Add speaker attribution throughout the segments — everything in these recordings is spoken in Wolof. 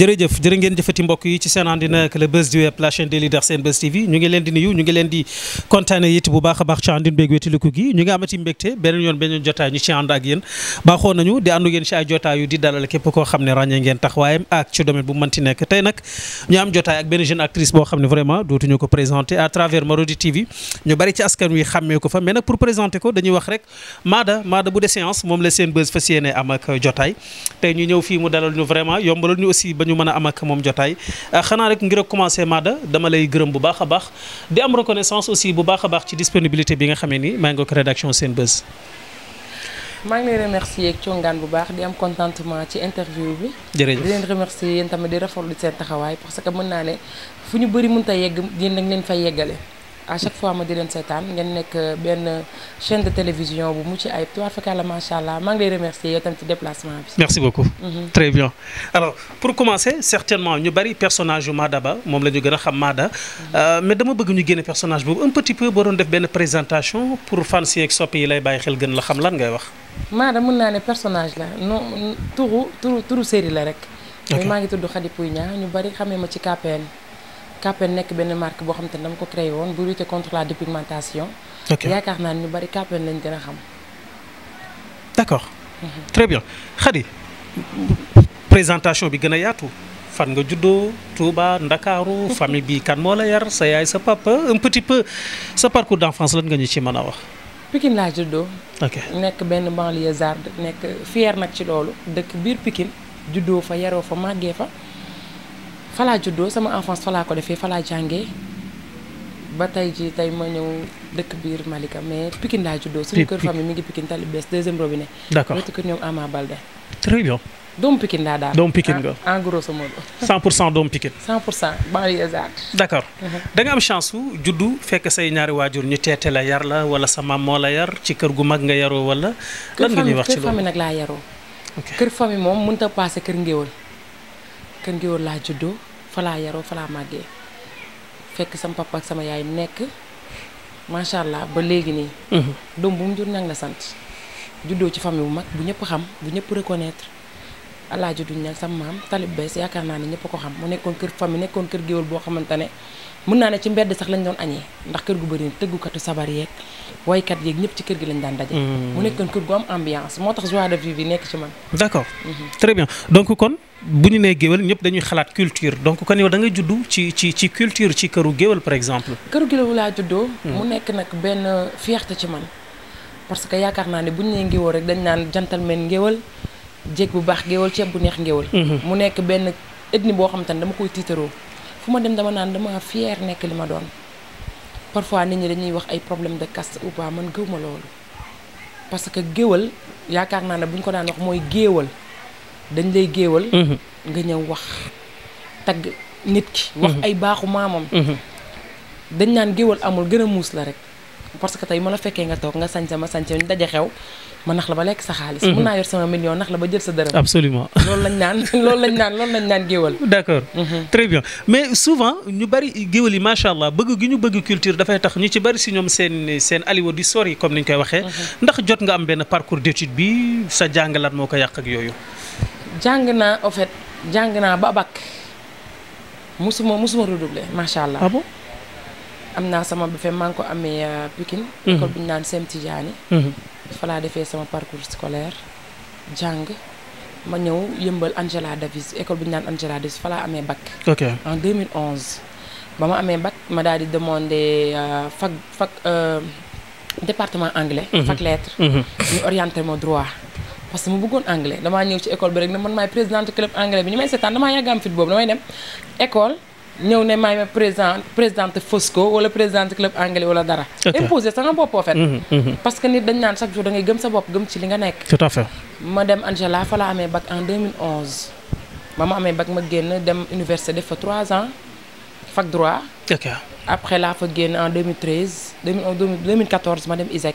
Speaker 1: jërëjëf jërë ngeen jëfati mbokk yi ci
Speaker 2: seen àndina ak le buzz du web la chaîne des leaders Senbuzz TV ñu ngi leen di nuyu ñu ngi leen di kontaane it bu baax baax ci àndin beeg wéetiliku gi ñu ngi amati mbégte beneen yoon beneen jotaay ñu ci ànd ak yéen baaxoo nañu di àndu ngeen ci ay jotaay yu di dalal képp koo xam ne ràññee ngeen taxawaayam ak ci domaine bu mënti nekk tey nag ñu am jotaay ak benn jeune actrice boo xam ne vraiment dootuñu ko présenter à travers Marodi TV ñu bari ci askan wi xàmmee ko la Senbuzz fas yéene am ba ñu mën a am ak moom jotaay euh, xanaa rek ngir a commencé Maada dama lay gërëm bu baax a baax di am reconnaissance aussi bu baax a baax ci disponibilité bi nga xamee ni maa ngi ko rédaction seen bés.
Speaker 3: maa ngi lay remercier ak congaan bu baax di am contentement ci interview bi. jërëjëf di leen remercier yéen tamit di rafetlu seen taxawaay parce que mën naa ne fu ñu bëri mënut a yegg yéen da leen fay yeggale. à chaque fois ma di leen seetaan ngeen nekk euh, benn euh, chaîne de télévision bu mucc ayib tuwaat fekk la maa ngi lay remercier yow tam déplacement bi.
Speaker 2: merci beaucoup. Mhm. très bien alors pour commencer certainement ñu bari personnage yu Maada Ba moom la ñu gën a xam da mhm. euh, mais dama bëgg ñu génne personnage boobu un petit peu boo doon def benn présentation pour fans yi ak soppe yi lay bàyyi xel gën la xam lan ngay wax.
Speaker 3: Maada mën naa ne personnage la non turu turu turu série la rek. ok maa ngi KPN nekk benn marque boo xam te dama ko créé woon bu lutter contre la dépigmentation. yaakaar naa ñu bari KPN lañ gën a xam.
Speaker 2: d'accord. Mhm. très bien Khady présentation bi gën a yaatu fan nga juddoo Touba Ndakaaru famille bi kan moo la yar sa yaay sa papa un petit peu sa parcours d'enfance lan nga ñu ci mën a wax.
Speaker 3: Pikine laa juddoo. ok nekk benn banlieusarde nekk fier nag ci loolu dëkk biir Pikine juddoo fa yaroo fa màggee fa. falaa juddoo sama enfance falaa ko defee falaa jàngee ba tey ji tey ma ñëw dëkk biir Malika mais Pikine laa juddoo. suñu kër famille mu ngi Pikine tali bees deuxième robinet. d'accord wetu kër ñoom Ama Balde. très bien. pour cent doomu Pikine. 100 pour cent banlieue
Speaker 2: d'accord mhm. am chance su juddu fekk say ñaari waajur ñu teete la yar la wala sa maam la yar ci kër gu mag nga yaroo wala. wax ci loolu kër famille nag
Speaker 3: laa yaroo. kër famille moom mun a paase kër ngéwël kër gi woon laa juddoo falaa yaroo falaa màggee fekk sama papa ak sama yaay nekk macha allah ba léegi nii. Mhm. doom bu mu jur ñang la sant. juddoo ci famille bu mag bu ñëpp xam bu ñëpp reconnaître alaaji duñ nag sama maam talib bees yaakaar naa ne ñëpp ko xam mu nekkoon kër famille nekkoon kër géwél boo xamante ne mën naa ne ci mbedd sax lañ doon añee ndax kër gu bëri tëggukatu sabar yeeg woykat yeeg ñëpp ci kër gi lañ daan daje. Mm. mu nekkoon kër gu am ambiance moo tax joie de vivre bi nekk ci man.
Speaker 2: d' accord mm-hmm. donc kon bu ñu nee géwél ñëpp dañuy xalaat culture donc kon da nga juddu ci ci ci culture ci këru géwél par exemple.
Speaker 3: këru géwél laa juddoo. Mm. mu nekk nag benn fierté ci man parce que yaakaar naa ne bu ñu nee ngéwél rek dañ naan gentleman ngéwél jéeg bu baax ngéwél ceeb bu neex ngéwél. Mm-hmm. mu nekk benn ethnie boo xam te ne dama koy tiitaroo fu ma dem dama naan dama fier nekk li ma doon parfois nit ñi dañuy wax ay problème de caste ou pas man gëw ma loolu parce que géwal yaakaar naa ne bu ñu ko daan wax mooy géewal dañ lay géewal mhm. nga ñëw wax tagg nit ki wax mhm. ay baaxu maamam mhm. dañ naan géwal amul gën a muus la rek parce que tey ma la fekkee nga toog nga sañse ma sañse ñu daje xew ma nax la ba lekk sa xaalis mhm. mun naa yor sama million nax la ba jël sa dërëm absolument loolu lañ naan loolu lañ naan loolu lañ naan géwal
Speaker 2: d'accord mhm. très bien mais souvent ñu bari géwal yi macha allah bëgg gi ñu bëgg culture dafay tax ñu ci bari si ñoom seen seen aliwo di sori comme ni ñu koy waxee mhm. ndax jot nga am benn parcours d'étude bi sa jàng lan moo ko yàq ak
Speaker 3: yooyu jàng naa en fait jàng naa ba bac musuma musuma redoubler macha allah ah am naa sama ba fe maa ngi ko amee euh, Pikine mhm. école bu ñu naan Sem Tidiane mhm. fa laa defee sama parcours scolaire jàng ma ñëw yëmbal Angela Davis école bu ñu naan Angela Davis fa laa amee bac ok en 2011 ba ma amee bag ma daal di demandé euh, fac fac euh, département anglais mhm. fac lettres ñu orienté ma droit parce que mu bëggoon anglais damaa ñëw ci école bi rek ne man maay présidente club anglais bi ñu may seetaan damaa yàgg am fit boobu damay dem école ñëw ne maay ma président présidente Fosco wala présidente club anglais wala dara. imposer sa nga bopp en mhm, mhm. parce que nit dañ naan chaque jour da ngay gëm sa bopp gëm ci li nga nekk. tout à fait. ma dem Angela fa la amee bac en 2011 ma ma amee bag ma génn dem université def fa 3 ans fac droit. ok après laa fa génn en 2013 2011 2014 ma dem ISEC.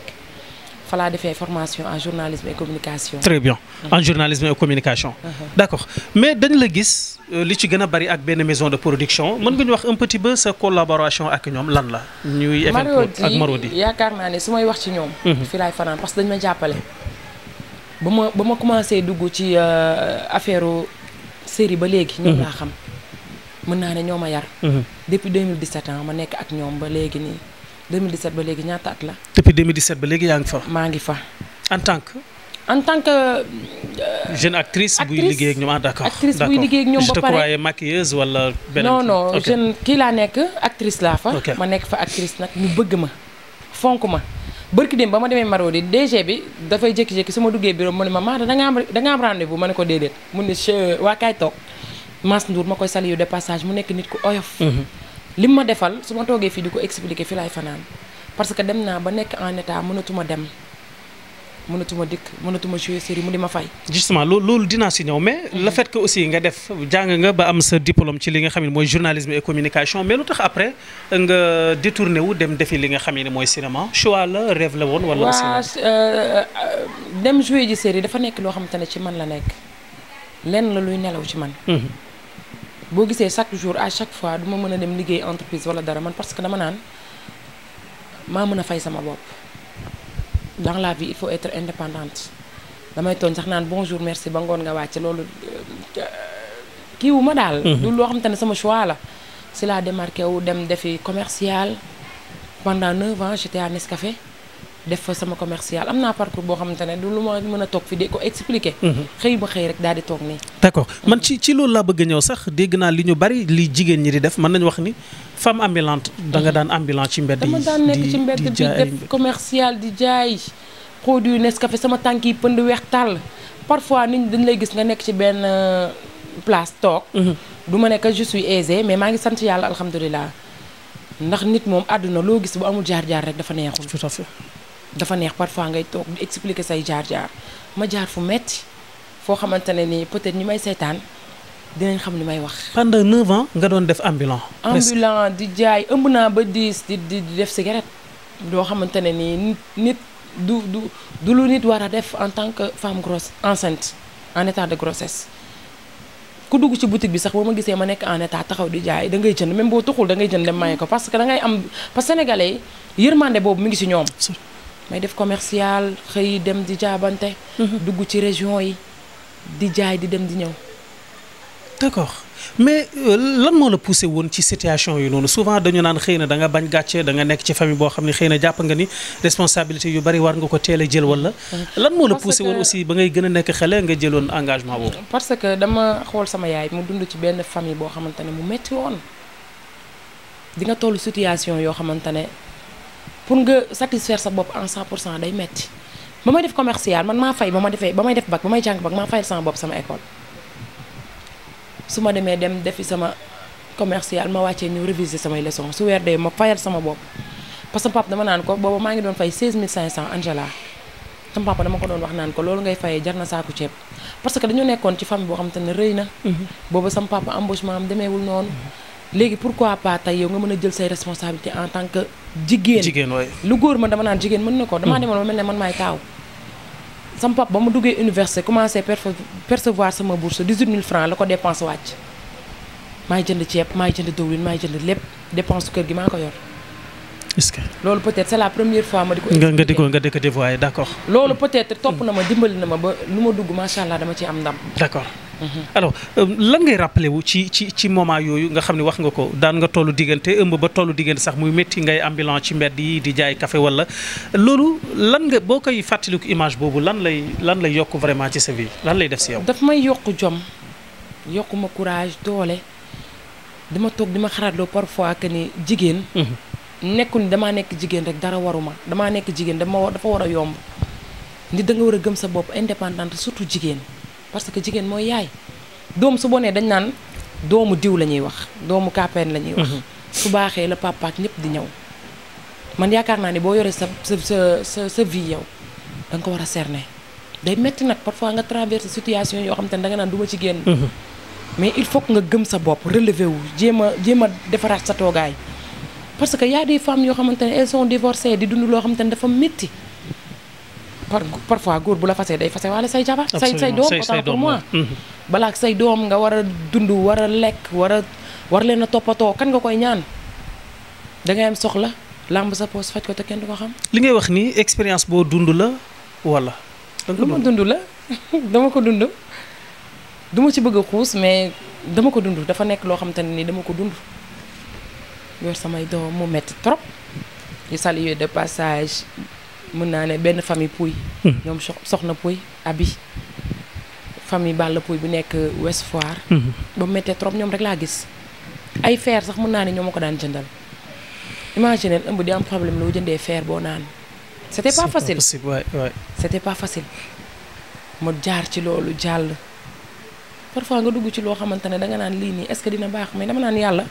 Speaker 3: falaa defee formation en journalisme et communication. très
Speaker 2: bien mm-hmm. communication. Mm-hmm. accord mais dañ la gis euh, li ci gën a bari ak benn maison de production mën nga ñu wax un petit peu sa collaboration ak ñoom lan la. ñuy Evenprod ak Marodi
Speaker 3: yaakaar naa ne su may wax ci ñoom. Mm-hmm. fi laay fanaan parce que dañ ma jàppale. ba ma ba ma commencé dugg ci euh, affaire série ba léegi. ñoom laa xam mën naa ne ñoo ma yar. depuis 2017 ma nekk ak ñoom ba léegi nii. 2017 ba léegi ñaata at la.
Speaker 2: depuis 2017 ba léegi yaa ngi fa. maa ngi fa.
Speaker 3: en tant que. en tant que. Euh,
Speaker 2: jeune actrice buy liggéey ak ñoom d' accord. actrice liggéey ak ñoom ah, ba pare maquilleuse wala. beneen non non jeune
Speaker 3: kii laa nekk actrice laa fa. ma nekk fa actrice nag ñu bëgg ma fonk ma. bërki dem ba ma demee maroo Marodi DG bi dafay jékki-jékki su ma duggee bureau mu ne ma Maada da ngaa am da ngaa am rendez-vous ma ne ko déedéet mu ne waa kaay toog Mass Ndour ma koy saluer de passage mu nekk nit ku oyof. Mhm. li ma defal su ma toogee fii di ko expliquer fi laay fanaan parce que dem naa ba nekk en état mënatuma dem mënatuma dikk mënatuma jouer série mu di ma fay.
Speaker 2: justement loolu loolu dinaa si ñëw mais. le mhm. fait que aussi nga def jàng nga ba am sa diplôme ci li nga xam ne mooy journalisme et communication mais lu tax après nga détourné wu dem defi li nga xam ne mooy cinéma choix la rêve la woon. wala aussi waa euh, euh,
Speaker 3: dem jouer ji série dafa nekk loo xamante ne ci man la nekk lenn la luy nelaw ci man. Mhm. boo gisee chaque jour à chaque fois duma mën a dem liggéey entreprise wala dara man parce que dama naan maa mën a fay sama bopp dans la vie il faut être indépendante damay tooñ sax naan bonjour merci ba ngoon nga wàcc loolu euh, kii ma daal mhm. du loo xamante ne sama choix la si laa démarqué wu dem defi commercial pendant neuf ans j'étais à Nescafé def fa sama commercial am naa parcours boo xamante ne du lu ma mën a toog fi di ko expliquer. Mhm. xëy ma xëy rek daal di toog nii.
Speaker 2: te ko mhm. man ci ci loolu laa bëgg a ñëw sax dégg naa li ñu bari li jigéen ñi di def man nañu wax ni femme ambulante da nga mhm. daan ambulante ci mbedd yi dama daan nekk def
Speaker 3: commercial di jaay produit Nescafé sama tànk yi pënd weex tàll parfois nit ñi dañ lay gis nga nekk ci benn euh, place toog. du ma nekk je suis mais maa ngi sant yàlla alhamdulilah ndax nit moom àdduna loo gis bu amul jaar-jaar rek dafa neexul. tout à fait. dafa neex part parfois ngay toog di expliquer say jaar-jaar ma jaar fu metti foo xamante ne nii peut-être ñi may seetaan dinañ xam li may wax.
Speaker 2: pendant neuf ans nga doon def ambulant. ambulant
Speaker 3: di jaay ëmb naa ba diis di di def cigarette. doo xamante ne nii nit du du du lu nit war a def en tant que femme grosse enceinte en état de grossesse. ku dugg ci boutique bi sax boo ma gisee ma nekk en état taxaw di jaay da ngay jënd même boo tuxul da ngay jënd dem maye ko parce que da ngay am parce que sénégalais yërmande boobu mi ngi ci ñoom. may def commercial xëy dem di jaabante. Mhm. dugg ci région yi di jaay di dem di ñëw. d'accord
Speaker 2: mais euh, lan moo la poussé woon ci situation yi noonu souvent dañu naan xëy na danga bañ gàcce danga nekk ci famille boo xam ne xëy na jàpp nga ni responsabilité yu bari war nga ko teel a jël wala. Mhm. lan moo la poussé woon aussi ba ngay gën a nekk xale nga jëloon engagement boobu.
Speaker 3: parce que dama xool sama yaay mu dund ci benn famille boo xamante ne mu metti woon di nga tollu situation yoo xamante ne. pour nga satisfaire sa bopp en 100 pour cent day metti ba may def commercial man maa fay ba ma defee ba may def ba may jàng bac maa fayal sama bopp sama école su ma demee dem defi sama commercial ma wàccee ñu réviser samay leçons su weer dee ma fayal sama bopp parce que papa dama naan ko booba maa ngi doon fay 16500 Angela sama papa dama ko doon wax naan ko loolu ngay fayee jar na saaku ceeb parce que dañu nekkoon ci famille boo xam te ne rëy na mhm. booba sama papa embauchement am demeewul noonu mhm. léegi pourquoi pas tey yow nga mën a jël say responsabilité en tant que jigéen jigéen waay lu góor man dama naan jigéen mën na ko damaa hmm. demoon ba mel ne man maay taaw sama pap ba mu duggee université commencé percevoir sama bourse 18000 la ko dépense wàcc maay jënd ceeb maay jënd dëwlin maay jënd lépp dépense kër gi maa ko yor est-ce que loolu peut-être c'est la ma nga di ko
Speaker 2: nga di ko dévoyé d'accord
Speaker 3: hmm. na ma dimbali na ma ba lu ma dugg macha allah dama ci
Speaker 2: am ndam d'accord Mm-hmm. alors euh, lan ngay rappelé wu ci ci ci moment yooyu nga xam ne wax nga ko daan nga tollu diggante ëmb ba tollu diggante sax muy métti ngay ambulant ci mbedd yi di jaay kafe wala loolu lan nga boo koy fàttaliku image boobu lan lay lan lay yokk vraiment ci sa vie lan lay def si yow.
Speaker 3: dafa may yokk jom yokk ma courage doole dama toog dima xalaatloo parfois que ni jigéen.
Speaker 2: Mm-hmm.
Speaker 3: nekkul ni damaa nekk jigéen rek dara waruma damaa nekk jigéen dama dafa war a yomb. nit da nga war a gëm sa bopp indépendante surtout jigéen. parce que jigéen mooy yaay doom su bonee dañ naan doomu diw la ñuy wax doomu kàppeen la ñuy wax mhm. su baaxee la papa ak di ñëw man yaakaar naa ne boo yoree sa sa sa sa vie yow da nga ko war a cerner day metti nag parfois nga traverser situation yoo xam te ne da nga naan du ma ci génn mhm. mais il faut que nga gëm sa bopp relever wu jéem a jéem a defaraat sa toogaay parce que y a des yoo xamante ne elles sont di dund loo xamante ne dafa métti par parfois góor bu la fasee day fase waale say jabar say say doom autant pour moi mhm. balaa say doom nga war a dund war a lekk war a war leen a toppatoo kan nga koy ñaan da ngay am soxla làmb sa poos ko te kenn du ko xam
Speaker 2: li ngay wax nii expérience boo dund la wala
Speaker 3: lu ma dund la dama ko dund duma ma ci bëgg a xuus mais dama ko dund dafa nekk loo xam te ne ni dama ko dund yor samay doom mu metti trop di saluer de passage mën naa ne benn famille Pouy. Hmm. ñoom soxna Pouy Abi famille Balla Pouy bu nekk West Foire. Hmm. ba mu méttee trop ñoom rek laa gis. ay feer sax mun naa ne ñoo ma ko daan jëndal. imaginer ëmb di am problème loo jëndee feer boo naan. c'était pas facile c'est pas facile pas facile. ma jaar ci loolu jàll. parfois nga dugg ci loo xamante ne danga naan lii nii est-ce que dina baax mais dama naan yàlla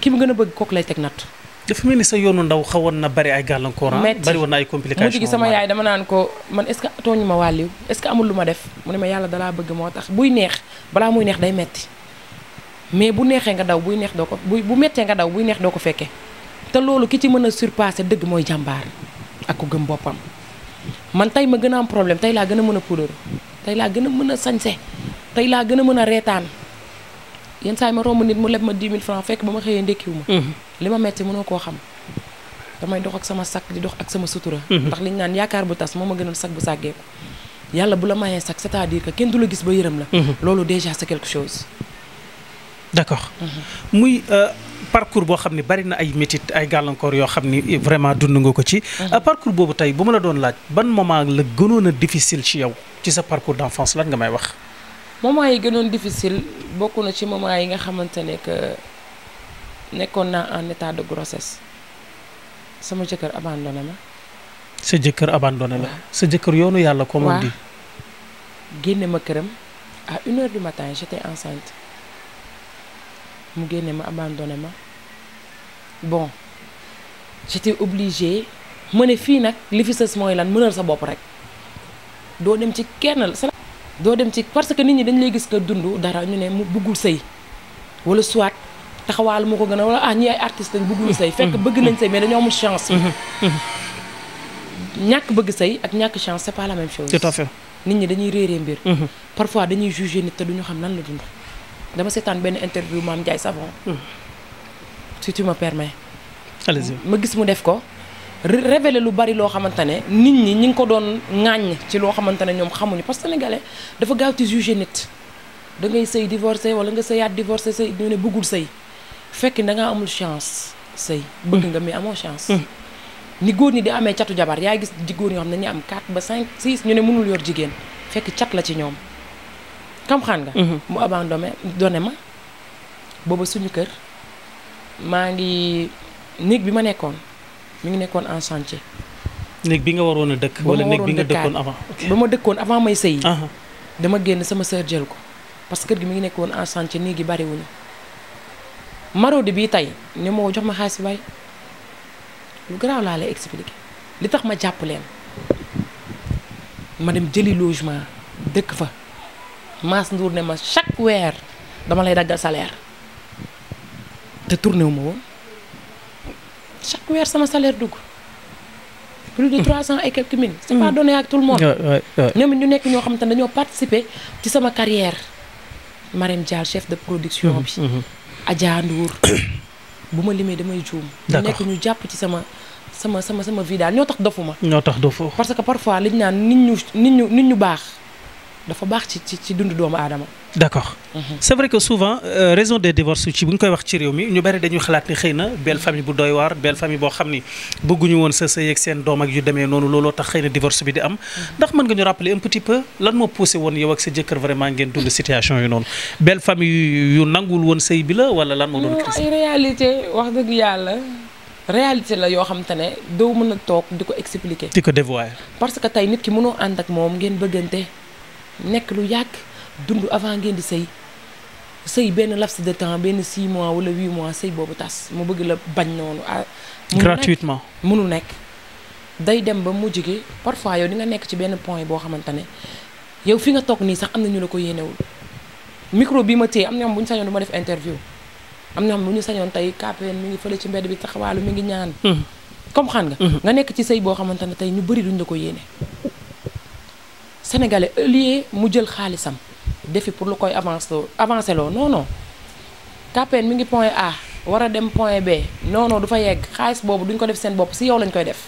Speaker 3: ki mu gën a bëgg kooku lay teg nat
Speaker 2: dafa mel ni sa yoonu ndaw xawoon na bari ay gàllankoor ah? bari woon na ay complication mujj gi sama yaay
Speaker 3: dama naan ko man est ce que tooñu ma wàlliw est ce que amul lu ma def mu ne ma yàlla dalaa bëgg moo tax buy neex balaa muy neex day metti mais bu neexee nga daw buy neex doo ko bu bu mettee nga daw buy neex doo ko fekkee te loolu ki ci mën a surpasser dëgg mooy jàmbaar ak ku gëm boppam man tey ma gën a am problème tey laa gën a mën a puudaru tey laa gën a mën a sañse tey laa gën a mën a reetaan yenn saa yi ma romb nit mu leb ma 10 ma xëyee ndékkiwu ma mm-hmm. li ma metti mënoo koo xam damay dox ak sama sakk di dox ak sama sutura mhm. ndax liñ naan yaakaar bu tas moo ma gënal sakk bu sàggeeku yàlla bu la mayee sakk c'est-à-dire que kenn du la gis ba yërëm la mhm. loolu déjà c'est quelque chose
Speaker 2: d'accord mhm. muy euh, parcours boo xam ne bari na ay métit ay gàllankoor yoo xam ni vraiment dund nga ko ci euh, parcours boobu tey bu ma la doon laaj ban moment la gënoon a difficile ci yow ci sa parcours d'enfance lan nga may wax
Speaker 3: moment yi gënoon difficile bokk na ci moment yi nga xamante ne nekkoon naa en état de grossesse sama jëkkër abandonné ma.
Speaker 2: sa jëkkër abandonné la. sa jëkkër yoonu yàlla. comme on dit
Speaker 3: génne ma këram à une heure du matin j'étais mu génne ma abandonné ma bon j'étais obligée ma ne fii nag li fi sës mooy lan mënal sa bopp rek doo dem ci kenn sa doo dem ci parce que nit ñi dañ lay gis nga dund dara ñu ne mu buggul sëy wala soit. taxawaal moo ko gën a wala ah ñi ay artiste lañ bëgguñu sëy fekk bëgg nañ sëy mais dañoo amul chance mm-hmm. Mm-hmm. ñàkk bëgg sëy ak ñàkk chance c'est pas la même chose tout à fait nit ñi dañuy réeree mbir mm-hmm. parfois dañuy juger nit te duñu xam nan la dund dama seetaan benn interview Mame Ndiaye Savon mm. si tu me permets allez-y ma gis mu def ko révélé lu bari loo xamante ne nit ñi ñi ngi ko doon ŋàññ ci loo xamante ne ñoom xamuñu parce que sénégalais dafa gaaw ci juger nit da ngay sëy divorcé wala nga sëyaat divorcé sëy ñu ne bëggul sëy fekk da ngaa amul chance sëy bëgg nga mais amoo chance ni góor ñi di amee catu jabar yaa gis di góor ñoo xam ne ñu am 4 ba cinq 6 ñu ne mënul yor jigéen fekk cat la ci ñoom xam xaan nga mhm. mu abandonné donné ma booba suñu kër maa ngi néeg bi ma nekkoon mu ngi nekkoon en chantier
Speaker 2: néeg bi nga waroon a dëkk wala néeg bi nga dëkkoon avant
Speaker 3: ba ma dëkkoon avant may sëy dama génn sama sœur jël ko parce que kër gi mi ngi nekkoon en chantier néeg yi bariwuñu Marodi bii tey ne moo jox ma xaalis bari lu garaaw laa lay expliquer li tax ma jàpp leen ma dem jëli logement dëkk fa Mass Ndour ne ma chaque weer dama lay daggal salaire te tourné wu ma woon chaque weer sama salaire dugg. plus de trois cent et quelques mille. pas mm. donné ak tout le monde. ñoom it ñu nekk ñoo xam te ne dañoo participer ci sama carrière Marème Dial chef de production mm-hmm, bi. Mm-hmm. Adja Ndour bu ma limee damay juum. d'accord nekk ñu jàpp ci sama sama sama sama vie ñoo tax dofuma.
Speaker 2: ñoo tax dofu
Speaker 3: parce que parfois liñ naan nit ñu nit ñu nit ñu baax dafa baax ci ci ci dundu doomu aadama. d' accord
Speaker 2: mhm. c' est vrai que souvent euh, raison des divorces ci bu ñu koy wax ci réew mi ñu bari dañuy xalaat ni xëy na belle famille bu doy waar belle famille boo xam ni bëgguñu woon sa sëy ak seen doom ak yu demee noonu looloo tax xëy na divorce bi di am mhm. ndax mën nga ñu rappeler un petit peu lan moo poussé woon yow ak sa jëkkër vraiment ngeen dund situation yu noonu belle famille yu nangul woon sëy bi la wala lan moo doon
Speaker 3: crise ay réalité wax dëgg la yoo xam ne doo mën a toog di ko expliquer di ko dévoiler parce que tey nit ki mënoo ànd ak moom ngeen bëggante nekk lu yàgg dund avant ngeen di sëy sëy benn laps de temps benn 6 mois wala 8 mois sëy boobu tas mu bëgg la bañ noonu ah. gratuitement munu nekk day dem ba mujj gi parfois yow di nga nekk ci benn point boo xamante ne yow fi nga toog nii sax am na ñu la ko yéenewul micro bi ma téye am na ñoom bu ñu sañoon du def interview am na ñoom bu ñu sañoon tey KPN mi ngi fële ci mbedd bi taxawaalu mi ngi ñaan. Hmm. comme xam nga. Hmm. nga nekk ci sëy boo xamante ne tey ñu bëri duñ la ko yéene. sénégalais mu jël xaalisam. défi pour lu koy avancé avancé loo non non KPN mi ngi point A war a dem point B noonoo non du fa yegg xaalis boobu duñ ko def seen bopp si yow lañ koy def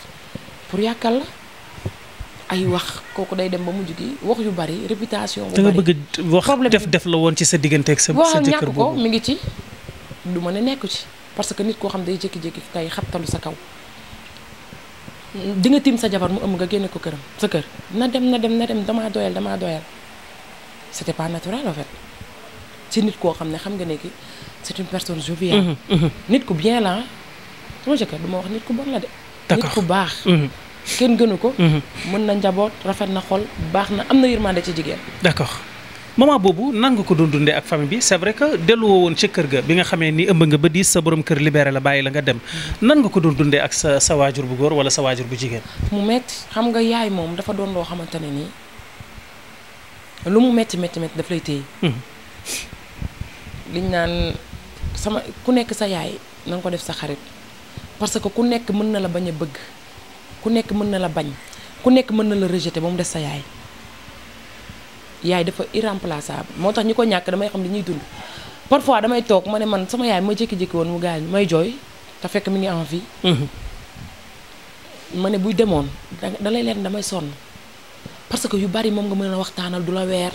Speaker 3: pour yàkkal la ay wax kooku day dem ba mujj ki wax yu bari réputation. bu bari da nga
Speaker 2: bëgg wax def def la woon ci sa diggante ak sa sa jëkkër boobu ko
Speaker 3: mi ngi ci du ma ne nekku ci parce que nit koo xam day jékki-jékki tey xabtalu sa kaw. di nga tiim sa jabar mu ëmb nga génne ko këram sa kër na dem na dem na dem damaa doyal damaa doyal. c'était pas naturel en ci nit koo xam ne xam nga ne ki c'est une personne joviale. Mhm, mhm. nit ku bien la sama jëkkër du ma wax nit ku bon la de. nit ku baax. Mhm. kenn gënu
Speaker 2: ko. mën
Speaker 3: na njaboot rafet na xol baax na am na yërmande ci jigéen.
Speaker 2: d'accord moment boobu nan nga ko doon dundee ak famille bi c'est vrai que delluwoo woon ci kër ga bi nga xamee ni ëmb nga ba diis sa borom kër libéré la bàyyi la nga dem nan nga ko doon dundee ak sa sa waajur bu góor wala sa bu jigéen.
Speaker 3: lu mu metti metti metti daf lay téye. Hmm. liñ naan sama ku nekk sa yaay na ko def sa xarit parce que ku nekk mën na la bañ a bëgg ku nekk mën na la bañ ku nekk mën na la rejeter ba mu des sa yaay yaay dafa irremplaçable moo tax ñi ko ñàkk damay xam li ñuy dund parfois damay toog ma ne man sama yaay ma jékki-jékki woon mu gaañ may jooy te fekk mi ngi en vie. Hmm. ma ne buy demoon da leen damay sonn. parce que yu bari moom nga mën a waxtaanal du la weer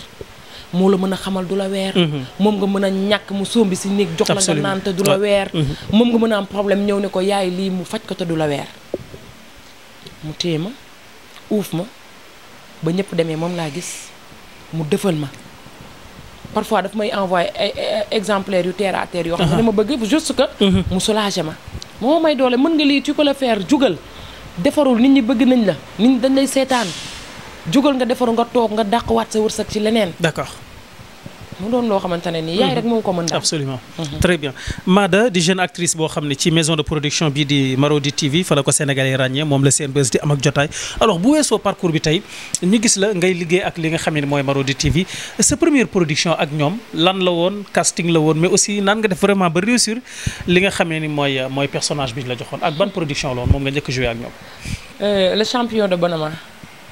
Speaker 3: moo la mën a xamal du la weer mhm. moom nga mën a ñàkk mu sombi si néeg jox la nga du weer mhm. moom nga mën a am problème ñëw ne ko yaay lii mu faj ko te du la weer mu téye ma uuf ma ba ñëpp demee moom laa gis mu dëfal ma parfois daf may envoyé ay e, e, e, exemplaires yu terre à terre yoo xam ne uh-huh. ma bëgg juste que mhm. mu soulager ma moo may doole mën nga lii tu peux le faire jugal defarul nit ñi bëgg nañ la nit ñi dañ lay seetaan jugal nga defaru nga toog nga dàqwaat sa wërsëg ci leneen. d'accord. mu doon loo xamante ne nii yaay rek moo ko mën daal absolument mhm.
Speaker 2: très bien Maada di jeune actrice boo xam ne ci maison de production bi di Marodi TV fa la ko sénégalais ràññee moom la Senbuzz di am ak jotaay alors bu weesoo parcours bi tey ñu gis la ngay liggéey ak li nga xam ne mooy Marodi TV sa première production ak ñoom lan la woon casting la woon mais aussi naan nga def vraiment ba réussir xamee ni mooy mooy personnage bi la joxoon ak ban production la moom nga njëkk a ak ñoom
Speaker 3: euh, le champion de Bonama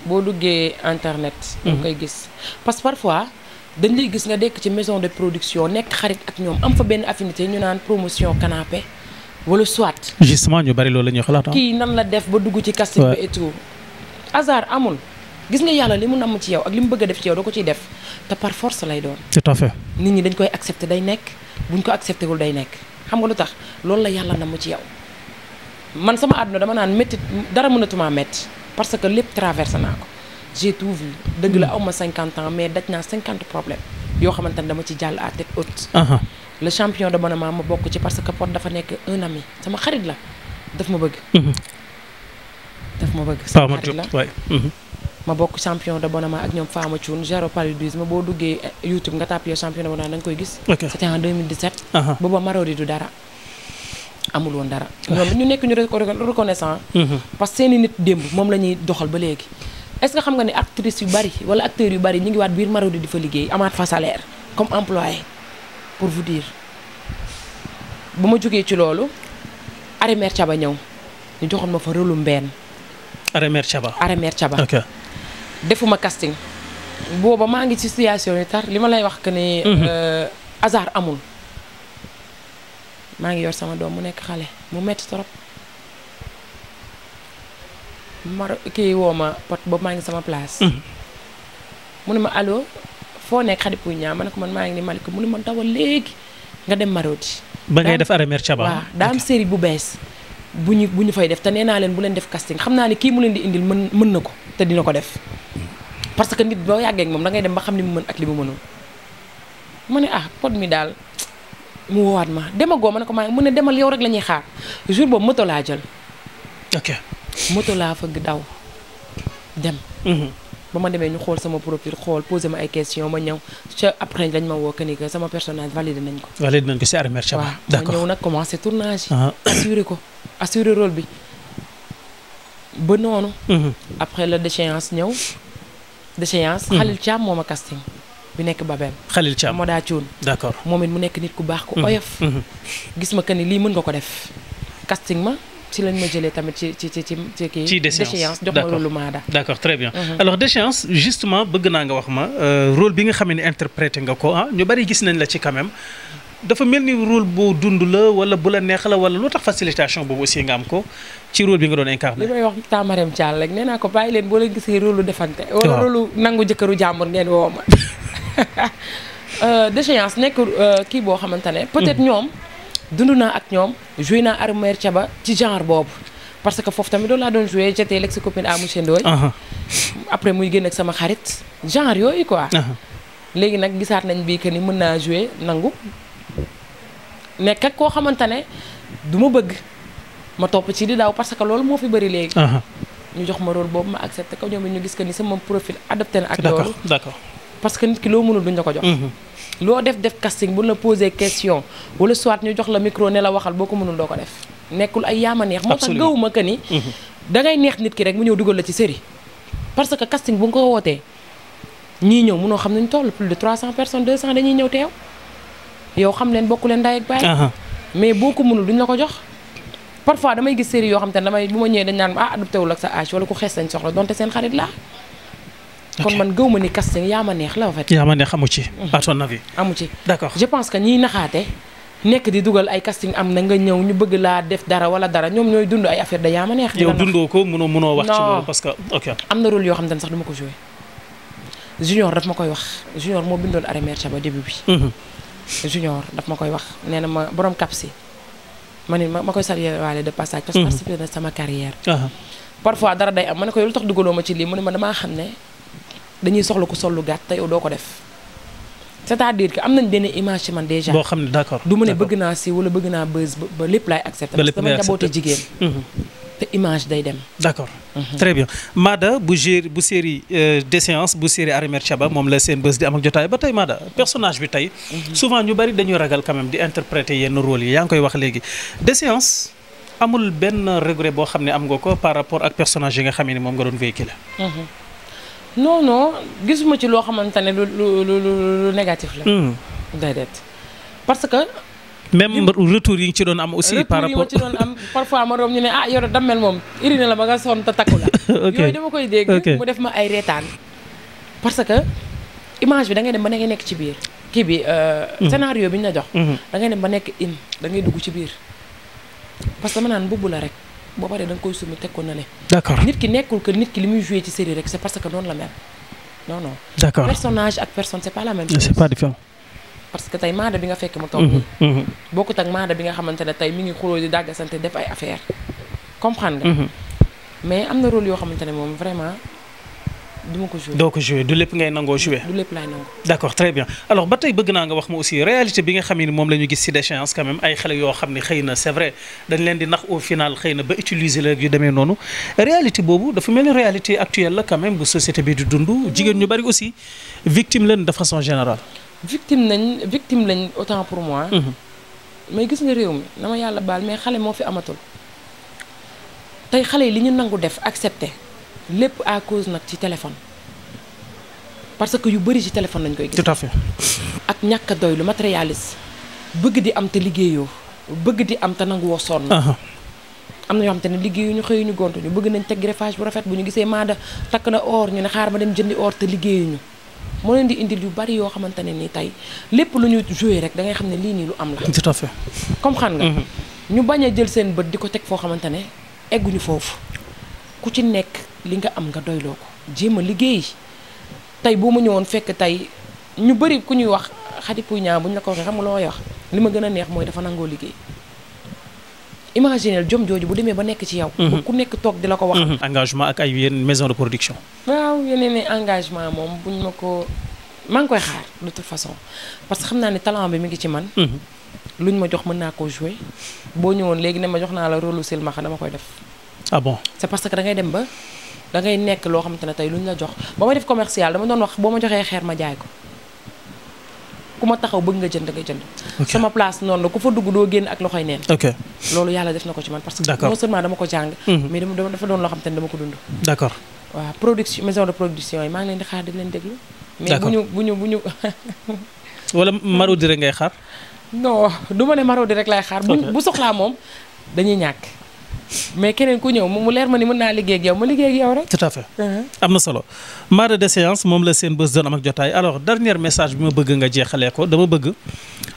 Speaker 3: boo duggee internet. da mhm. koy gis parce que par fois dañ lay gis nga dekk ci maison de production nekk xarit ak ñoom am fa benn affinité ñu naan promotion canapé wala soit.
Speaker 2: justement ñu bari loolu la ñuy xalaat ah. kii
Speaker 3: nan la def ba dugg ci casting bi et tout. amul gis nga yàlla li mu namm ci yow ak li mu bëgg a def ci yow da ko ciy def te par force lay doon. tout à nit ñi dañ koy accepté day nekk buñ ko accepté wul day nekk xam nga lu tax loolu la yàlla namm ci yow. man sama àdduna dama naan métti dara mënatuma métti parce que lépp traverse naa ko j'ai tout vu dëgg la awma cinquante ans mais daj naa cinquante problèmes yoo xamante ne dama ci jàll à tête haute le champion de Monama ma bokk ci parce que Pod dafa nekk un ami sama xarit la daf ma bëgg mhm. daf ma bëgg sama xarit la mhm. ma boo duggee eh, YouTube nga tapé champion de Bonama da koy gis. booba Marodi du dara. amul woon dara. ñoom ñu nekk ñu reconnaissant. Mhm. parce que seeni nit démb moom la ñuy doxal ba léegi. est-ce que xam nga ni actrice yu bari wala acteurs yu bari ñu ngi waat biir Marodi di fa liggéey amaat fa salaire comme employé pour vous dire ba ma jógee ci loolu Arémère ba ñëw ñu joxoon ma fa rôle mbenn.
Speaker 2: Arémère ba
Speaker 3: Arémère Thiaba. ok defuma casting. booba maa ngi ci situation yu tar li ma lay wax que ni mhm. euh, hasard amul. maa ngi yor sama doom mu nekk xale mu metti trop mar kii woo ma pot boobu maa ngi sama place. Mm-hmm. mu ne ma allo foo nekk Khady Pouye ma ne ko man maa ngi ni ko mu ne ma dawal léegi nga dem Marodi. ba ngay def
Speaker 2: arrêt mère Thiaba waaw
Speaker 3: daa am série bu bees bu ñu bu ñu fay def te nee naa leen bu leen def casting xam naa ne kii mu leen di indil mën mën na ko te dina ko def parce que nit boo yàggee moom da ngay dem ba xam li mu mën ak li mu mënul mu ne ah pot mu woowaat ma demagoo ma ne ko maa mu ne demal yow rek la ñuy xaar jour boobu moto laa jël. ok moto laa fëgg daw dem. Mhm. ba ma demee ñu xool sama profil xool posé ma ay question ma ñëw ca après lañ ma woo que ni que sama personnage validé nañ ko.
Speaker 2: validé nañ ko si Armé Thiam.
Speaker 3: d'accord waaw ma ñëw nag commencé tournage. Ah. assuré ko assuré rôle bi ba noonu. Mhm. après la déchéance ñëw déchéance. Mhm. Khalil Thiam ma casting. bi nekk Babel. Khalil Thiam moo daa cuun. moom it mu nekk nit ku baax ku mhm. oyof. Mhm. gis ma que ni lii mën nga ko def. casting ma ci lañ ma jëlee tamit ci ci jox ma rôle Maada.
Speaker 2: d'accord très bien. Mhm. alors déchéance justement bëgg naa nga wax ma euh, rôle bi nga xam ne interprété nga ko ah, ñu bari gis nañ la ci quand même. dafa mel ni rôle bu dund la wala bu la neex la wala lu tax facilitation boobu aussi nga am ko ci rôle bi nga doon incarné. li may
Speaker 3: wax Euh, déchéance nekk euh, kii boo xamante ne. peut-être hmm. ñoom dund naa ak ñoom joué naa armère ba ci genre boobu. parce que foofu tamit doo laa doon joué j'étais l'ex-copine à monsieur Ndoye. après muy génn ak sama xarit genre yooyu quoi. léegi nag gisaat nañ bii que ni mën naa joué nangu nekk ak koo xamante ne du ma bëgg ma topp ci di daaw parce que loolu moo fi bëri léegi. ñu jox ma rôle boobu ma accepté ko ñoom ñu gis que ni sama profil adapté na ak loolu d'accord parce que nit ki loo mënul duñ la ko jox. Mhm. loo def def casting bu la posé question wala soit ñu jox la micro ne la waxal boo ko mënul doo ko def nekkul ay yaama neex. moo tax gëwuma que ni. Mhm. da ngay neex nit ki rek mu ñëw dugal la ci série parce que casting bu nga ko wootee ñii ñëw munoo xam nañ toll plus de 300 personnes 200 dañuy ñëw teew xam leen bokku leen ndaay mais boo ko mënul duñ la ko jox. parfois damay gis série yoo xam te ne damay bu ma ñëwee dañ naan ah adopté wul ak sa âge wala ku xees lañ soxla donte seen xarit laa. kon man gëw ma ni casting yaa ma neex la en fait. yaa
Speaker 2: ma neex amu ci. Mhm. à ton avis
Speaker 3: amu ci. je pense que ñiy naxaate nekk di dugal ay casting am na nga ñëw ñu bëgg laa def dara wala dara ñoom ñooy dund ay affaire da yaa ma neex. yow dundoo
Speaker 2: ko mënoo mënoo wax ci loolu parce que ok.
Speaker 3: am na rôle yoo xam ne sax du ko joué junior daf ma koy wax junior moo bindoon Arrêt Mère Thiaba début bi. Mhm. junior daf ma koy wax nee ma borom cap si ma ni ma koy salué waale de passage. parce que mhm. sama carrière. parfois dara day am ma ne ko yow dañuy soxla ko sol lu gàtt te yow doo ko def c'est-à-dire am nañ benn image ci man déjà. boo xam ne
Speaker 2: d'accord du ma ne bëgg
Speaker 3: naa si wala bëgg naa bës ba lépp laay accepté. ba lépp laay accepté parce mhm. image day dem. d'accord.
Speaker 2: Mhm. très bien Maada bu bu série euh, des séances bu série Arimer Thiaba mhm. moom la seen bës di am ak jotaay ba tey Maada personnage bi tey. souvent ñu bari dañuy ragal quand même di interpréter yenn rôle yi yaa ngi koy wax léegi des séances amul benn regret boo xam ne am nga ko par rapport ak personnage yi nga xam ne moom nga doon véhiculer.
Speaker 3: non non gisuma ci loo xamante ne lu lu lu lu négatif la. Hmm. déedéet parce que.
Speaker 2: même retour yi ci doon am. aussi par rapport ma ci doon
Speaker 3: am parfois ma ñu ne ah yoro dammel moom iri la ba nga sonn te takku la. yooyu dama koy dégg. mu def ma ay reetaan. parce que image bi da ngay dem ba da ngay nekk ci biir kii bi. Euh, hmm. scénario bi ñu la jox. Hmm. da ngay dem ba nekk in dugg ci biir parce que ma naan mbubb la rek. boo paree da nga koy summi teg ko nële. d'accord nit ki nekkul que nit ki li muy joué ci série rek c'est parce que noonu la mel non non. d'accord personnage ak personne c'est pas la même parce que tey maada bi nga fekk mu toog. Mm-hmm, mm-hmm. bokkut ak maada bi nga xamante ne tey mi ngi xuloo di dàggasante def ay affaire comprendre nga. Mm-hmm. mais am na role yoo xamante ne moom vraiment. du ma ko joué doo ko joué du
Speaker 2: lépp ngay nangoo joué. du lépp laay nangoo. d' très bien alors ba tey bëgg naa nga wax ma aussi réalité bi nga xam ne moom la ñu gis si déchéance quand même ay xale yoo xam ne xëy na c' vrai dañ leen di nax au final xëy na ba utiliser la yu demee noonu réalité boobu dafa mel ni réalité actuelle la quand même bu société bi dundu dund jigéen ñu bari aussi victime leen de façon générale.
Speaker 3: victime nañ victime lañ autant pour mois mhm. mais gis nga réew mi na ma yàlla baal mais xale moo fi amatul tey xale yi li ñu nangu def accepté. lépp à cause nag ci téléphone parce que yu bari ci téléphone lañ koy gis. ak ñàkk a doy lu matérialiste bëgg di am te liggéeyoo bëgg di am te nanguwoo sonn. am na yoo xam te ne ñu xëyuñu gontuñu bëgg nañ teg greffage bu rafet bu ñu gisee maada takk na or ñu ne xaar ma dem jëndi or te liggéeyuñu moo leen di indil yu bari yoo xamante ne ni tey lépp lu ñu joué rek da ngay xam ne lii nii lu am la. tout à fait. comme xan nga. Mhm. ñu bañ a jël seen bët di ko teg foo xamante ne egguñu foofu. ku ci nekk li nga am nga doyloo ko jéem a liggéey tey boo ma ñëwoon fekk tey ñu bëri ku ñuy wax Khady Pouye Niang bu ñu la ko waxee xam nga loo wax li ma gën a neex mooy dafa nangoo liggéey imaginel jom jooju bu demee ba nekk ci yow. Mhm. ku nekk toog di la ko wax. Mhm.
Speaker 2: engagement ak ay yenn production.
Speaker 3: waaw yeneen engagement moom buñ ma ko maa ngi koy xaar de toute façon parce que xam naa ne talent bi mi ngi ci man. Mhm. ñu ma jox mën naa ko jouer boo ñëwoon léegi ne ma jox naa la rôle lu silmaxa dama koy def. ah bon c'est parce que da ngay dem ba da nekk loo xamante ne tey lu ñu la jox ba ma def commercial dama doon wax boo ma joxee xeer ma jaay ko ku ma taxaw bëgg nga jënd nga jënd. sama place noonu la ku fa dugg doo génn ak loxoy neen. loolu yàlla def na ko ci man. parce que non seulement dama ko jàng. Mhm. mais dama dafa doon loo xamante ne dama ko dund. d'accord waaw production maison de production yi maa ngi leen xaar di leen déglu. mais bu ñu bu ñu bu ñu.
Speaker 2: wala Marodi rek ngay xaar.
Speaker 3: non du ma ne Marodi rek laay xaar. bu soxlaa moom dañuy ñàkk. mais keneen ku ñëw mu leer ma ni mën naa liggéey ak yow ma liggéey ak yow rek. tout à uh-huh.
Speaker 2: am na solo marée de séance moom la seen bés doon am ak jotaay alors dernier message bi ma bëgg nga jeexalee ko dama bëgg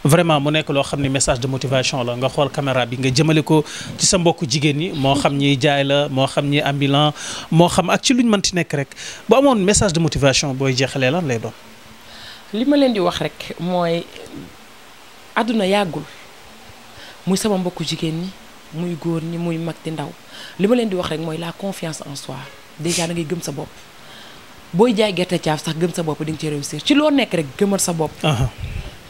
Speaker 2: vraiment mu nekk loo xam ni message de motivation la nga xool caméra bi nga jëmale ko ci sa mbokku jigéen ñi moo xam ñiy jaay la moo xam ñi ambulant moo xam ak ci luñ mënti nekk rek boo amoon message de motivation booy jeexalee la lay doon.
Speaker 3: li ma leen di wax rek mooy àdduna yàggul muy sama mbokku jigéen ñi. muy góor ñi muy mag di ndaw li ma leen di wax rek mooy la confiance en soi déjà a ngay gëm sa bopp booy jaay gerte caaf sax gëm sa bopp di nga ci réussir ci loo nekk rek gëmal sa bopp.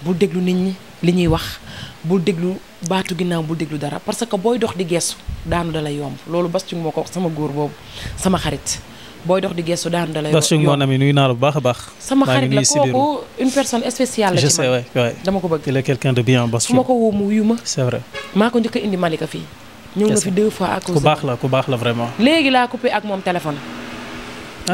Speaker 3: bul déglu nit ñi li ñuy wax bul déglu baatu ginnaaw bul déglu dara parce que booy dox di geesu daanu da lay yomb loolu bas ci moo ko wax sama góor boobu sama xarit. booy dox di gestu daanu dalay. yoo yoo mon
Speaker 2: ami nuyu naa la baax a baax. sama xarit la kooku
Speaker 3: une personne spéciale la. ci
Speaker 2: man dama ko bëgg. il est quelqu'un de bien Bass Thioung. fu ma ko woo mu ma. c'est vrai
Speaker 3: maa ko njëkk a indi Malika fii. ñëw na fi deux fois à ku baax
Speaker 2: la ku baax la vraiment.
Speaker 3: léegi laa coupé ak moom téléphone.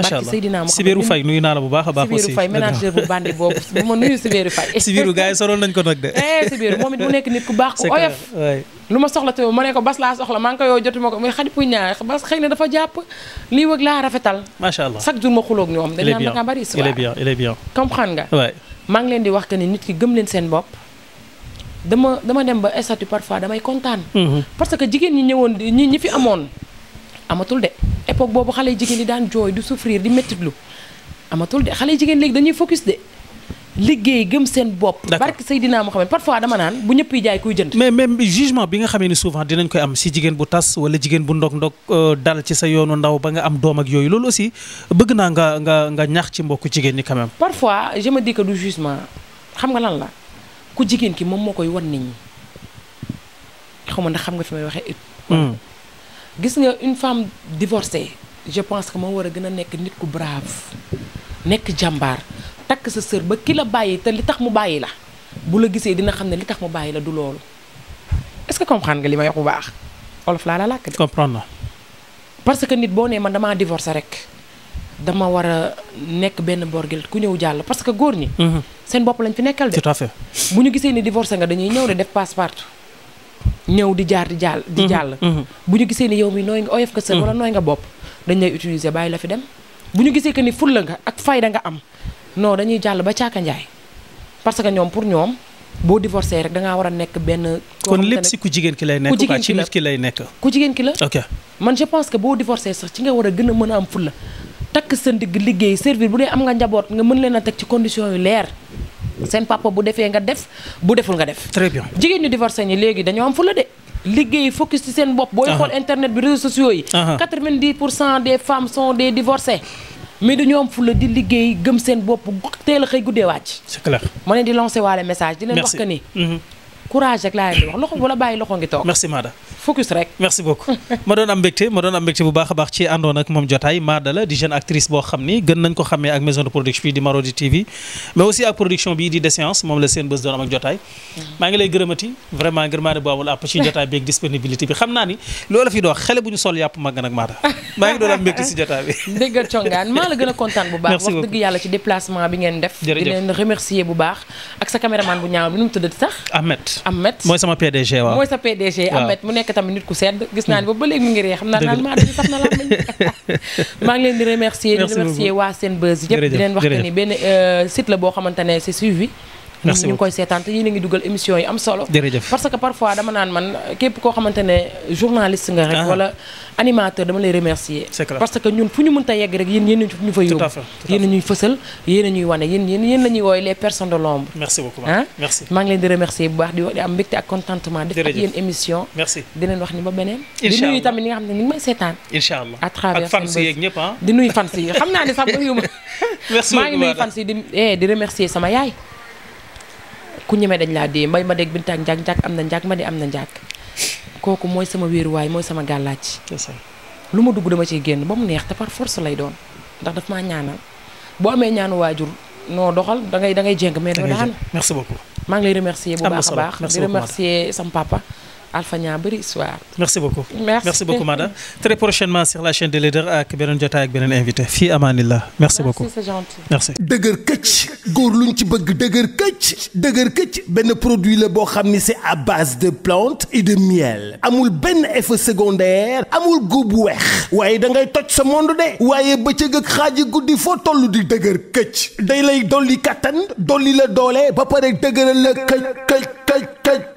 Speaker 3: macha allah Seydina Sibéru Faye
Speaker 2: nuyu naa la bu baax a baax. aussi Sibéru Faye ménageur
Speaker 3: bu bandi boobu ma nuyu Sibéru Faye. Sibéru
Speaker 2: gars yi soroon nañ ko nag de. Eh, Sibéru moom it mu nekk
Speaker 3: nit ku baax ku oyof. lu ma soxla te ma ne bas laa soxla maa ngi ko muy ma xuloog ñoom. dañ naan da ngaa bari histoire il est bien il est bien. comprendre nga. maa ngi leen di wax que nit ki gëm leen seen bopp. dama dama dem ba statut parfois damay kontaan. Mhm. parce que jigéen ñi ñëwoon ñi fi amoon amatul de époque boobu xale jigéen yi daan jooy di souffrir di méttitlu amatul de xale jigéen léegi dañuy focus de liggéey gëm seen bopp. barke Seydina Mohamed parfois dama naan bu ñëpp jaay kuy jënd. mais même jugement bi nga xamee ni souvent dinañ
Speaker 2: koy am si jigéen bu tas wala jigéen bu ndog-ndog euh, dal ci sa yoonu ndaw ba nga am doom ak yooyu loolu aussi bëgg naa nga nga nga ñaax ci mbokku jigéen ñi quand même.
Speaker 3: parfois je me dis que du xam nga lan la ku jigéen ki moom moo koy wan nit ñi xaw xam nga fi may waxee. Hmm. gis nga une femme divorcée je pense que moo war a gën a nekk nit ku brave nekk jàmbaar takk sa sër ba ki la bàyyi te li tax mu bàyyi la bu la gisee dina xam ne li tax mu bàyyi la du loolu est-ce que comprendre nga li ma yox bu baax olof laa la làkk de. comprendre parce que nit boo nee man damaa divorcé rek dama war a nekk benn borgel ku ñëw jàll parce que góor ñi. Mhm. seen bopp lañ fi nekkal de. bu ñu gisee ni divorcé nga dañuy ñëw de def passe-partout. ñëw di jaar di jàll di mhm. jàll mhm. bu ñu gisee ni yow mi nooy nga oyof nga sër mhm. wala nooy nga bopp dañ lay utiliser bàyyi la fi dem bu ñu gisee que ni fulla nga ak fayda nga am no dañuy jàll ba caaka njaay parce que ñoom pour ñoom boo divorcé rek da war a nekk benn kon lépp si
Speaker 2: ku jigéen ki lay nekk ku ci nit
Speaker 3: lay nekk ku jigéen ki la ok man je pense que boo divorcé sax ci nga war a gën a mën a am fulla takk sa ndigg liggéey servir bu dee am nga njaboot nga mën leen a teg ci condition yu leer seen papa bu defee nga def bu deful nga def. très bien jigéen ñu divorcé ñi léegi dañoo am fula de. liggéey focus ci seen bopp. booy xool internet bi réseaux sociaux yi. 90 pour cent des femmes sont des divorcées. mais dañoo am fula di liggéey gëm seen bopp teel a xëy guddee wàcc. c'est clair ma ne di lancer waale message. di leen wax que ni. Mhm. courage rek laa leen di wax loxo bu la bàyyi loxo ngi toog. merci Maada focus rek.
Speaker 2: di jeune actrice boo xam ni gën nañ ko xamee ak maison de production bi di Marodi TV moom la seen bés doon am ak jotaay. maa ngi lay gërëmati vraiment gërëmaane bu amul àpp ci jotaay bi ak disponibilité bi xam naa ni loola fi doon xale bu ñu sol yàpp mag nga nag Maada maa ngi doon am mbégte si jotaay bi. dégg
Speaker 3: congaan maa la gën a kontaan bu baax. wax dëgg yàlla ci déplacement Ahmed mooy
Speaker 2: sama PDG waaw mooy sa
Speaker 3: PDG Ahmed mu nekk tamit nit ku sedd gis naa ni ba ba léegi mu ngi ree xam naa naan maa dañu sax na la maa ngi leen di remercier di remercier waa seen Senbuzz yëpp di leen wax ne ni benn euh, site la boo xamante ne c'est suivi merci ñu ngi koy seetaan te yéen a ngi dugal émission yi am solo. jërëjëf parce que parfois dama naan man képp koo xamante ne journaliste nga rek. Ah. wala animateur dama lay remercier. parce que ñun fu ñu mënta yegg rek yéen yéen a ñu fa yóbbu. tout à fait yéen la ñuy woowee les personnes de l'ombre. merci beaucoup ah maa ngi leen di remercier bu baax di am mbégte ak contentement. def ak émission. di leen wax ni ba beneen. di nuyu tamit ñi nga xam ne ñu ngi may seetaan. incha allah à travers fan ah. di nuyu fan si xam naa ne sax maa ngi nuyu fan si eh, sama yaay ku ñeme dañ laa dee mbay ma dégg bintaak njaag njaag am na njaag ma di am na njaag kooku mooy sama wéeruwaay mooy sama gàllaaj lu ma dugg dama ciy génn ba mu neex te par force lay doon ndax daf maa ñaanal boo amee ñaanu waajur noo doxal da ngay da ngay jéng mais doo daanu merci beaucoup maa ngi lay remercier bu baax a baax di remercier sam papa Alpha Niang bëri histoire.
Speaker 2: merci beaucoup merci, merci beaucoup madame. très prochainement sur la chaîne de leader ak beneen jotaay ak beneen invité fii Amanillah
Speaker 1: merci beaucoup dëgër këcc góor luñ ci bëgg dëgër këcc dëgër këcc benn produit la boo xam ni se à base de plantes et de miel amul benn effet secondaire amul góob bu weex waaye da ngay toj sa monde de waaye bëccëg ak xaaji guddi foo toll di dëgër këcc day lay dolli kattan dolli la doole ba pare dëgëral la këcc këcc këcc këcc.